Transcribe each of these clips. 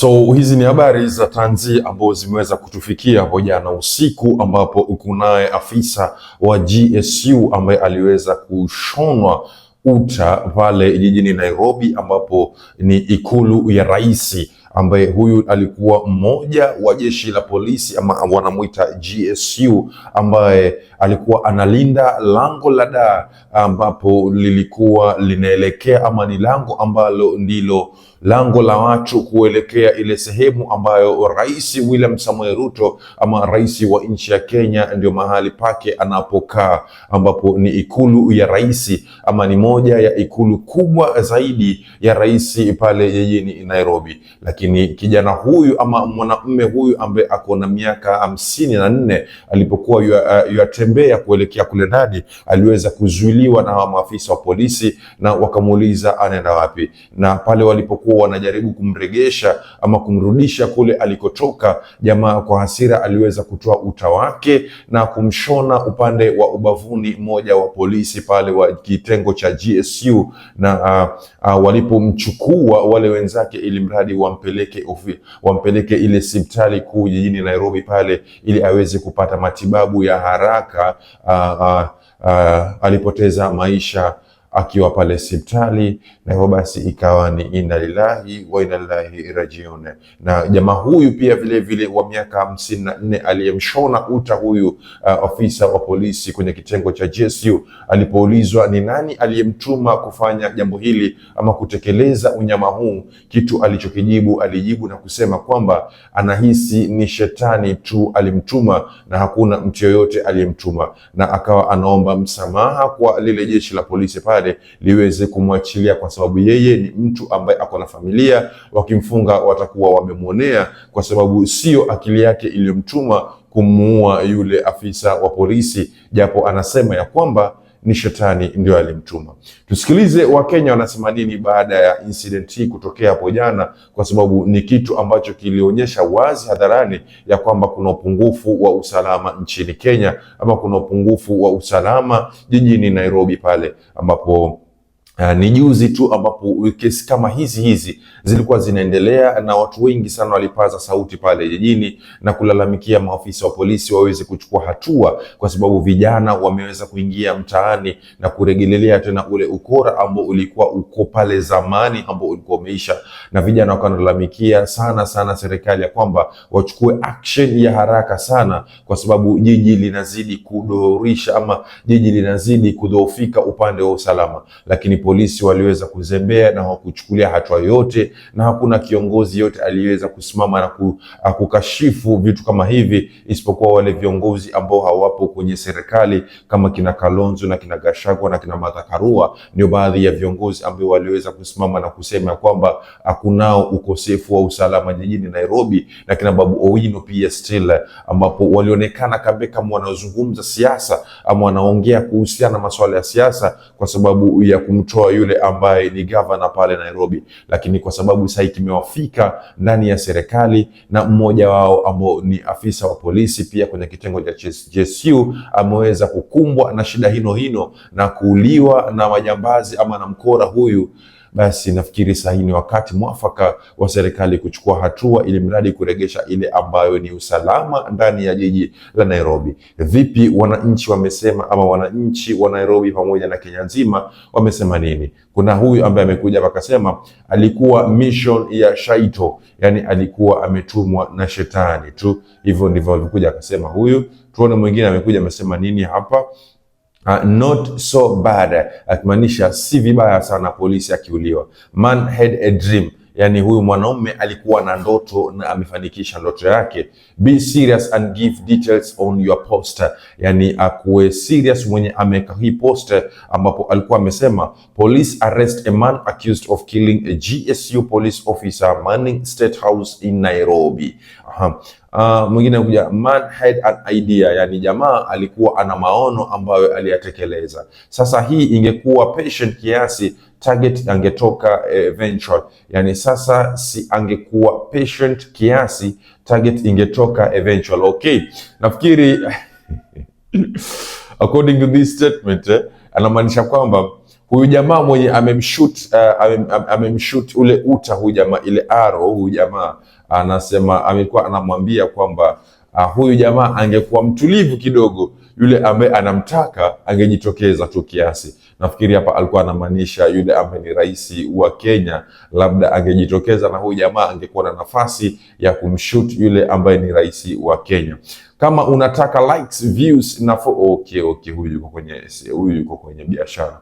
So hizi ni habari za tanzia ambazo zimeweza kutufikia hapo jana usiku, ambapo kunaye afisa wa GSU ambaye aliweza kushonwa uta pale jijini Nairobi, ambapo ni ikulu ya rais, ambaye huyu alikuwa mmoja wa jeshi la polisi ama wanamwita GSU, ambaye alikuwa analinda lango la daa ambapo lilikuwa linaelekea ama ni lango ambalo ndilo lango la watu kuelekea ile sehemu ambayo Rais William Samoei Ruto ama rais wa nchi ya Kenya ndio mahali pake anapokaa, ambapo ni ikulu ya rais ama ni moja ya ikulu kubwa zaidi ya rais pale jijini Nairobi. Lakini kijana huyu ama mwanamume huyu ambaye ako na miaka hamsini na nne alipokuwa yuatembewa uh, akitembea kuelekea kule ndani aliweza kuzuiliwa na maafisa wa polisi na wakamuuliza anaenda wapi, na pale walipokuwa wanajaribu kumregesha ama kumrudisha kule alikotoka, jamaa kwa hasira aliweza kutoa uta wake na kumshona upande wa ubavuni mmoja wa polisi pale wa kitengo cha GSU, na uh, uh, walipomchukua wale wenzake ili mradi wampeleke ofi, wampeleke ile hospitali kuu jijini Nairobi pale ili aweze kupata matibabu ya haraka uh, uh, uh, alipoteza maisha akiwa pale hospitali, na hivyo basi ikawa ni inna lillahi wa inna ilaihi rajiun. Na jamaa huyu pia vile vile wa miaka hamsini na nne aliyemshona uta huyu uh, ofisa wa polisi kwenye kitengo cha JSU alipoulizwa ni nani aliyemtuma kufanya jambo hili ama kutekeleza unyama huu, kitu alichokijibu alijibu na kusema kwamba anahisi ni shetani tu alimtuma na hakuna mtu yoyote aliyemtuma, na akawa anaomba msamaha kwa lile jeshi la polisi pale pale liweze kumwachilia, kwa sababu yeye ni mtu ambaye ako na familia. Wakimfunga watakuwa wamemwonea, kwa sababu sio akili yake iliyomtuma kumuua yule afisa wa polisi, japo anasema ya kwamba ni shetani ndio alimtuma. Tusikilize Wakenya wanasema nini baada ya incident hii kutokea hapo jana, kwa sababu ni kitu ambacho kilionyesha wazi hadharani ya kwamba kuna upungufu wa usalama nchini Kenya, ama kuna upungufu wa usalama jijini Nairobi pale ambapo Uh, ni juzi tu ambapo kesi kama hizi hizi zilikuwa zinaendelea na watu wengi sana walipaza sauti pale jijini na kulalamikia maafisa wa polisi waweze kuchukua hatua, kwa sababu vijana wameweza kuingia mtaani na kuregelelea tena ule ukora ambao ulikuwa uko pale zamani ambao ulikuwa umeisha, na vijana wakalalamikia sana sana serikali ya kwamba wachukue action ya haraka sana, kwa sababu jiji linazidi kudorisha ama jiji linazidi kudhoofika upande wa usalama, lakini polisi waliweza kuzembea na hawakuchukulia hatua yoyote, na hakuna kiongozi yote aliyeweza kusimama na kukashifu vitu kama hivi, isipokuwa wale viongozi ambao hawapo kwenye serikali kama kina Kalonzo na kina Gashagwa na kina Martha Karua. Ndio baadhi ya viongozi ambao waliweza kusimama na kusema kwamba hakunao ukosefu wa usalama jijini Nairobi, na kina Babu Owino pia still, ambapo walionekana kambe kama wanazungumza siasa ama wanaongea kuhusiana na masuala ya siasa kwa sababu ya kumtoa kumtoa yule ambaye ni gavana pale Nairobi, lakini kwa sababu sasa kimewafika ndani ya serikali na mmoja wao ambao ni afisa wa polisi pia kwenye kitengo cha JSU ameweza kukumbwa na shida hino hino na kuuliwa na majambazi ama na mkora huyu basi nafikiri saa ni wakati mwafaka wa serikali kuchukua hatua, ili mradi kuregesha ile ambayo ni usalama ndani ya jiji la Nairobi. Vipi wananchi wamesema, ama wananchi wa Nairobi pamoja na Kenya nzima wamesema nini? Kuna huyu ambaye amekuja akasema alikuwa mission ya shaito, yani alikuwa ametumwa na shetani tu. Hivyo ndivyo alikuja akasema huyu. Tuone mwingine amekuja amesema nini hapa. Uh, not so bad, akimaanisha si vibaya sana polisi akiuliwa. Man had a dream, yani huyu mwanaume alikuwa na ndoto na amefanikisha ndoto yake. Be serious and give details on your poster, yani akuwe serious mwenye ameweka hii poster ambapo alikuwa amesema police arrest a man accused of killing a GSU police officer Manning State House in Nairobi. Aha. Uh, mwingine kuja man had an idea, yani jamaa alikuwa ana maono ambayo aliyatekeleza. Sasa hii ingekuwa patient kiasi target angetoka eh, eventual. Yani sasa si angekuwa patient kiasi target ingetoka eventual. Okay, nafikiri according to this statement eh, anamaanisha kwamba huyu jamaa mwenye amemshut uh, amemshut ule uta huyu jamaa, ile aro huyu jamaa anasema, amekuwa anamwambia kwamba uh, huyu jamaa angekuwa mtulivu kidogo, yule ambaye anamtaka angejitokeza tu kiasi. Nafikiri hapa alikuwa anamaanisha yule ambaye ni rais wa Kenya, labda angejitokeza na huyu jamaa angekuwa na nafasi ya kumshut yule ambaye ni rais wa Kenya. Kama unataka likes, views na okay, okay, huyu yuko kwenye, huyu yuko kwenye biashara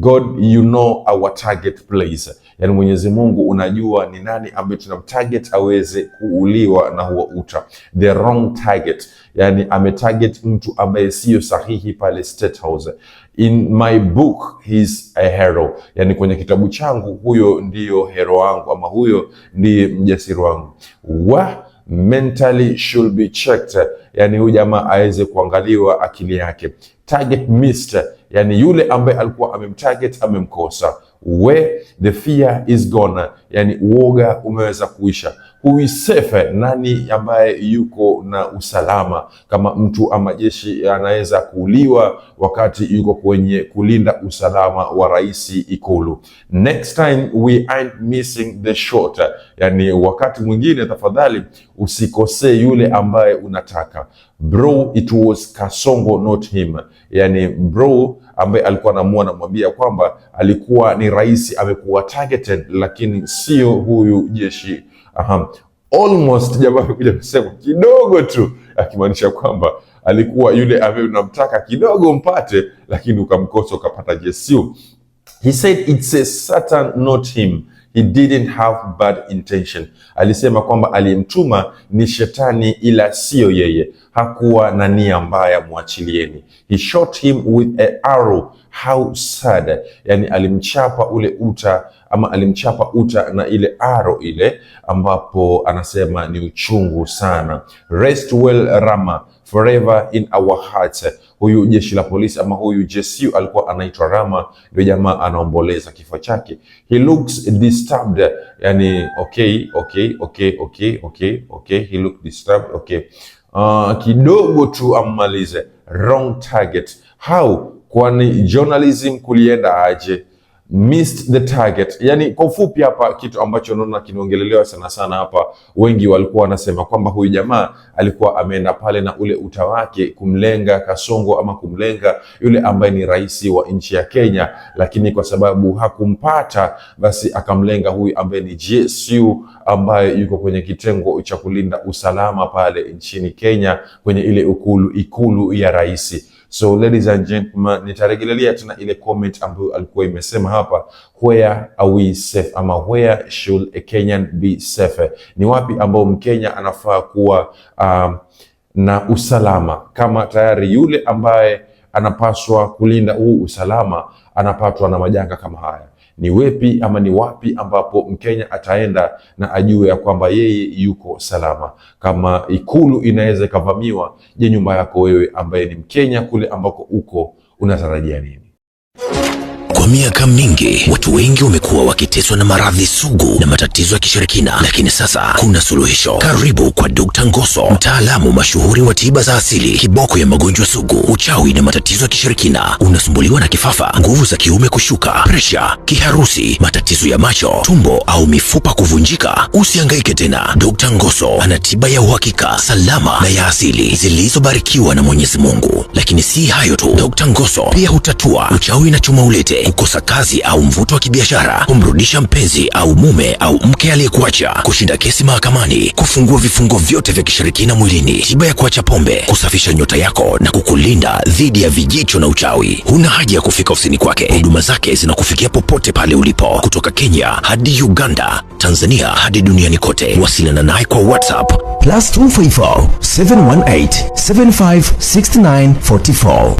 God you know our target place, yani Mwenyezi Mungu unajua ni nani ambaye target aweze kuuliwa na huo uta, the wrong target, yani ametarget mtu ambaye siyo sahihi pale State House. In my book he's a hero, yani kwenye kitabu changu huyo ndiyo hero wangu ama huyo ndiye mjasiri wangu wa mentally should be checked, yani huyu jamaa aweze kuangaliwa akili yake target missed yani yule ambaye alikuwa amemtarget amemkosa. We the fear is gone, yani uoga umeweza kuisha. Uisefe, nani ambaye yuko na usalama kama mtu ama jeshi anaweza kuuliwa wakati yuko kwenye kulinda usalama wa rais Ikulu. Next time we ain't missing the shot, yani wakati mwingine tafadhali usikosee yule ambaye unataka. Bro, it was Kasongo not him. Yani bro ambaye alikuwa anamua namwambia kwamba alikuwa ni rais amekuwa targeted, lakini sio huyu jeshi Aha. Almost jamaa amekuja kusema kidogo tu, akimaanisha kwamba alikuwa yule ambaye unamtaka kidogo mpate, lakini ukamkosa ukapata Yesu. He said it's a certain not him he didn't have bad intention. Alisema kwamba aliyemtuma ni shetani ila siyo yeye, hakuwa na nia mbaya, mwachilieni. He shot him with a arrow how sad, yani alimchapa ule uta ama alimchapa uta na ile aro ile, ambapo anasema ni uchungu sana. Rest well Rama forever in our hearts. Huyu jeshi la polisi ama huyu JSU alikuwa anaitwa Rama, ndio jamaa anaomboleza kifo chake. He looks disturbed, yani okay, okay, okay, okay, okay, okay. He look disturbed, okay. Uh, kidogo tu ammalize wrong target how kwani journalism kulienda aje? Missed the target. Yani kwa ufupi hapa kitu ambacho naona kinaongelelewa sana sana hapa, wengi walikuwa wanasema kwamba huyu jamaa alikuwa ameenda pale na ule uta wake kumlenga Kasongo ama kumlenga yule ambaye ni rais wa nchi ya Kenya, lakini kwa sababu hakumpata basi akamlenga huyu ambaye ni GSU ambaye yuko kwenye kitengo cha kulinda usalama pale nchini Kenya kwenye ile ukulu ikulu ya rais. So ladies and gentlemen, nitarejelea tena ile comment ambayo alikuwa imesema hapa, where are we safe ama where should a Kenyan be safe? Ni wapi ambao Mkenya anafaa kuwa um, na usalama kama tayari yule ambaye anapaswa kulinda huu usalama anapatwa na majanga kama haya. Ni wepi ama ni wapi ambapo Mkenya ataenda na ajue ya kwamba yeye yuko salama? Kama ikulu inaweza ikavamiwa, je, nyumba yako wewe ambaye ni Mkenya kule ambako uko unatarajia nini? Kwa miaka mingi watu wengi wamekuwa wakiteswa na maradhi sugu na matatizo ya kishirikina, lakini sasa kuna suluhisho. Karibu kwa Dr. Ngoso, mtaalamu mashuhuri wa tiba za asili, kiboko ya magonjwa sugu, uchawi na matatizo ya kishirikina. Unasumbuliwa na kifafa, nguvu za kiume kushuka, presha, kiharusi, matatizo ya macho, tumbo au mifupa kuvunjika? Usihangaike tena. Dr. Ngoso ana tiba ya uhakika, salama na ya asili zilizobarikiwa na Mwenyezi Mungu. Lakini si hayo tu, Dr. Ngoso pia hutatua uchawi na chuma ulete yoyote, kukosa kazi au mvuto wa kibiashara, kumrudisha mpenzi au mume au mke aliyekuacha, kushinda kesi mahakamani, kufungua vifungo vyote vya kishirikina mwilini, tiba ya kuacha pombe, kusafisha nyota yako na kukulinda dhidi ya vijicho na uchawi. Huna haja ya kufika ofisini kwake, huduma zake zinakufikia popote pale ulipo, kutoka Kenya hadi Uganda, Tanzania hadi duniani kote. Wasiliana naye kwa WhatsApp plus 254 718 44.